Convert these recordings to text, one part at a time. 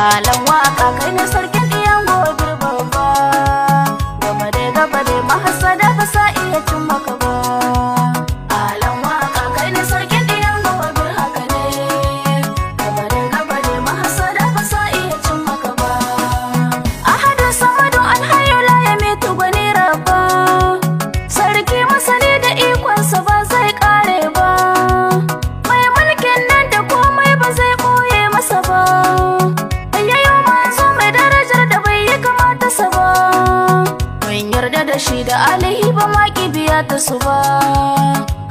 malam waka kai na sarkin iyan gobir babba game da gaba da mahasada ba sa iya cin maka ba alan waka kai na sarkin iyan gobir haka ne game da gaba da mahasada ba sa iya cin maka ba ahadu samadu alhayu la yamitu gwani rabba sarki masani da iko shi da alihi ba maƙi biya ta su ba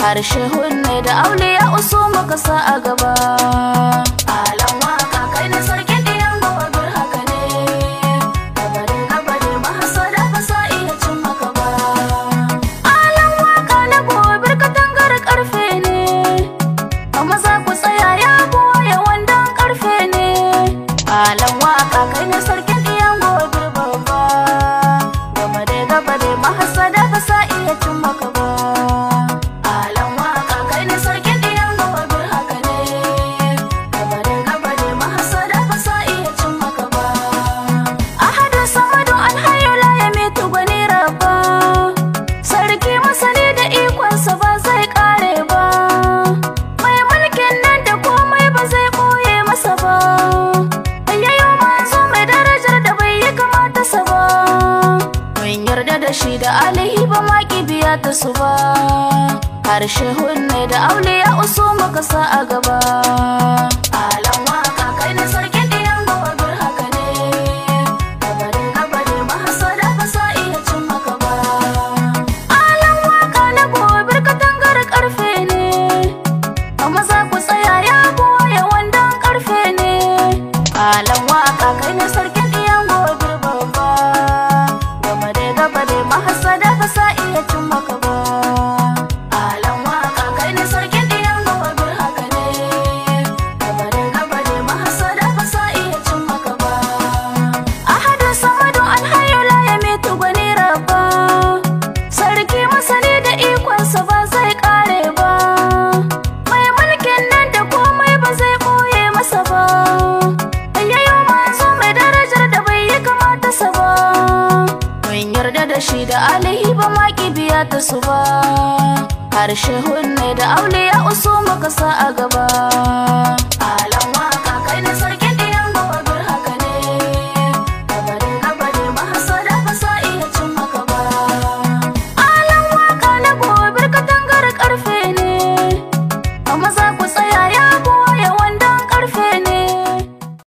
harshe hunne da aule ya uso makasa a gaba alan waka kai na sarkin diyan gaba dur haka ne kamarin abadin mahasa da ba iya cin maka ba alan waka na gobe katangar karfe ne a maza ku tsaya ya goya wandon karfe ne tarihi ba ma biya ta su ba harshe hunne da aure ya uso maka sa a gaba alihiba alihi ba ma biya ta su ba harshe hunne da auliya usuma maka sa a gaba alamwa